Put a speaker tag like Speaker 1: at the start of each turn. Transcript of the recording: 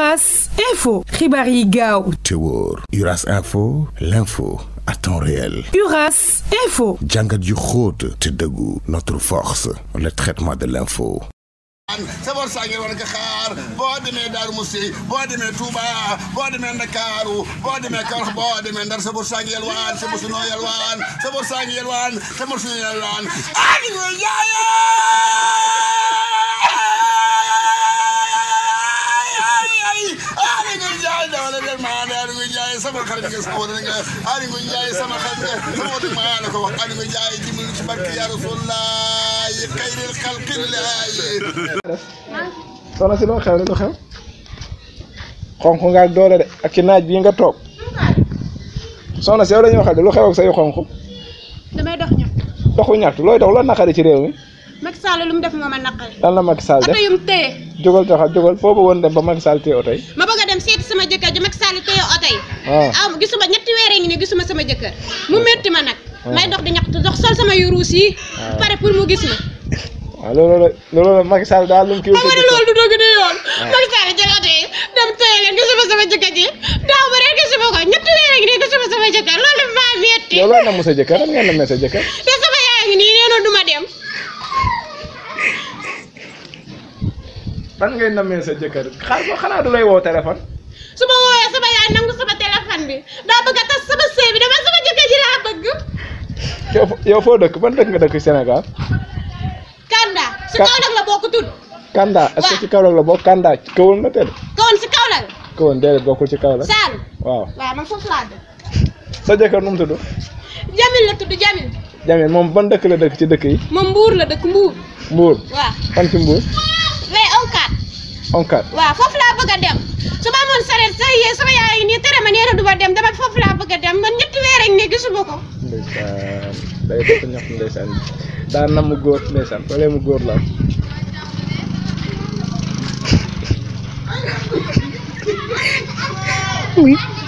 Speaker 1: Uras Info xibaar yi gaaw
Speaker 2: te wóor Uras yu xóot te dëggu notre force le traitement de l'info
Speaker 3: sabar saa ngeen war xaar boo demee Daaru Musi boo demee Touba boo demee Ndakaaru boo demee Kaolack boo demee Ndar sabar saa yelwaan sabar su noo yelwaan sabar saa yelwaan sabar su noo yelwaan sama xarit nga sama
Speaker 2: si loo xew lu xew xonq nga ak doole ak ci naaj bii nga toog soxna si yow dañuy lu xew ak say xonq damay dox ñaxtu doxu looy dox loo naqari ci réew
Speaker 1: Maksal Sall lu mu def moo ma naqari. lan la
Speaker 2: Macky Sall def oto yu mu téye. jógal taxaw jógal foofu woon dem ba Macky Sall téye oto yi.
Speaker 1: ma bëgg a dem seeti sama jëkkër ji Macky Sall téye oto yi. waaw ah. gisuma ñetti weer ngi ne gisuma sama jëkkër mu ah. métti ma nag. Ah. may dox di ñaxtu dox sol sama yu ruus pare pour mu gis ma.
Speaker 2: waaw loolu la loolu la Macky Sall daal lu mu kii. ma ne loolu du
Speaker 1: dëgg di yoon. waaw Macky Sall jël oto yi dem téye leen gisuma sama Lalu ji daaw ba rek gisuma ko ñetti weer ngi ne gisuma sama jëkkër loolu dafa maa métti.
Speaker 2: yow loo namu sa jëkkër lan nga namee sa lalu
Speaker 1: te sama yaay ngi nii nee na dem
Speaker 2: tan ngay namé sa jëkkeur xaar ko xana dulay wo téléphone.
Speaker 1: suma woyé sama yaay nangu sama téléphone bi da bëgg ta sama sëy bi dama sama jëkkër ji la bëgg.
Speaker 2: yo fo dëkk ban dëkk nga dëkk Sénégal.
Speaker 1: Kanda kaw nak la bokku tud
Speaker 2: Kanda est-ce ci kaw nak la bok Kanda kawul na teel.
Speaker 1: kawoon si Kaolack.
Speaker 2: kawoon déedéet bokkul ci kaw nak sal waaw
Speaker 1: waaw man foofu la dëkk.
Speaker 2: sa jëkkeur num tuddu
Speaker 1: Jamil la tuddu Jamil.
Speaker 2: Jamil mom ban dëkk la dëkk ci dëkk yi.
Speaker 1: mom Mbour la dëkk Mbour. Mbour waaw
Speaker 2: fan ci Mbour. Ongkat.
Speaker 1: Wah, foofu laa bëgg dem su ma sareet sa yee sama yaay nii tere ma nee na dem dama foofu laa bëgg dem man ñetti weer ak ne ndeysaan
Speaker 2: day ñax ndeysaan ndeysaan wala mu la
Speaker 3: oui